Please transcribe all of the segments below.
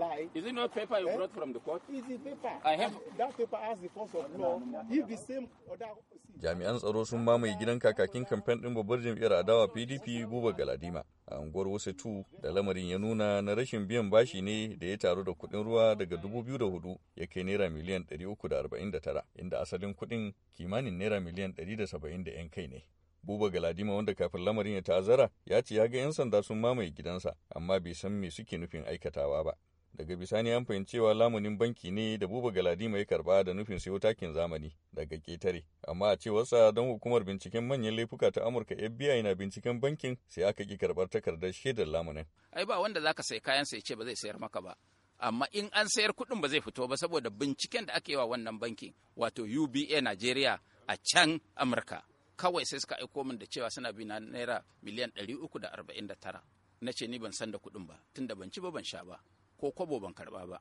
lie. Is it not paper you eh? brought from the court? It paper. I have that paper has the force of law. If the same other Jami'an tsaro sun mamaye gidan kakakin kamfen ɗin babbar jam'iyyar adawa PDP Buba Galadima a unguwar Wasetu da lamarin ya nuna na rashin biyan bashi ne da ya taru da kuɗin ruwa daga 2004 ya kai naira miliyan 349 inda asalin kuɗin kimanin naira miliyan 170 da 'yan kai ne. Buba Galadima wanda kafin lamarin ya ta'azara ya ce ya ga 'yan sanda sun mamaye gidansa amma bai san me suke nufin aikatawa ba. daga bisani an fahimci cewa lamunin banki ne da buba ma ya karba da nufin sayo takin zamani daga ketare amma a cewarsa don hukumar binciken manyan laifuka ta amurka fbi na binciken bankin sai aka ki karbar takardar shaidar lamunin ai ba wanda zaka sai kayan sai ce ba zai sayar maka ba amma in an sayar kuɗin ba zai fito ba saboda binciken da ake yi wa wannan bankin wato uba nigeria a can amurka kawai sai suka aiko min da cewa suna bi na naira miliyan 349 na ce ni ban san da kuɗin ba tun da ban ci ba ban sha ba ko kwabo ban karɓa ba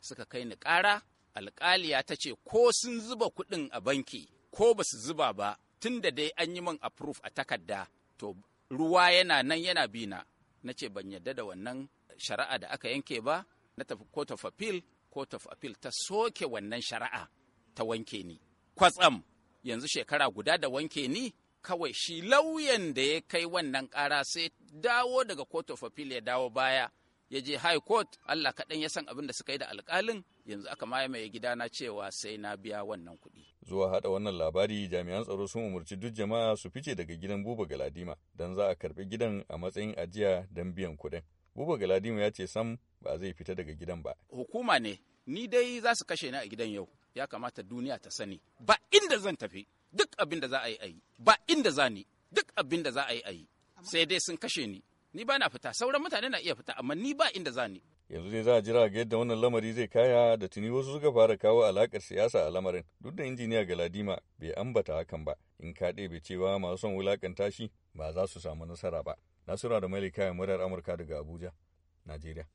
suka kai ni ƙara alƙaliya ta ce ko sun zuba kuɗin a banki ko ba su zuba ba tun da dai an yi min approve a takarda to ruwa yana nan yana bina na ce ban yadda da wannan shari'a da aka yanke ba na tafi court of appeal court of appeal ta soke wannan shari'a ta wanke ni kwatsam yanzu shekara guda da wanke ni kawai shi lauyan da ya kai wannan ƙara sai dawo daga court of ya dawo baya ya je high court Allah kaɗan ya san abin da suka yi da alƙalin yanzu aka mai gidana cewa sai na biya wannan kuɗi. Zuwa haɗa wannan labari jami'an tsaro sun umarci duk jama'a su fice daga gidan Buba Galadima don za a karɓi gidan a matsayin ajiya don biyan kuɗin. Buba Galadima ya ce sam ba zai fita daga gidan ba. Hukuma ne ni dai za su kashe ni a gidan yau ya kamata duniya ta sani ba inda zan tafi duk abin da za a yi ayi yi ba inda za ni duk abin da za a yi ayi sai dai sun kashe ni ni ba na fita sauran mutane na iya fita amma ni ba inda za ni yanzu ne za a jira ga yadda wannan lamari zai kaya da tuni wasu suka fara kawo alakar siyasa a lamarin duk da injiniya ga Ladima bai ambata hakan ba in ka ɗebe cewa masu son wulakanta shi ba za su samu nasara ba nasura da kayan murar amurka daga abuja najeriya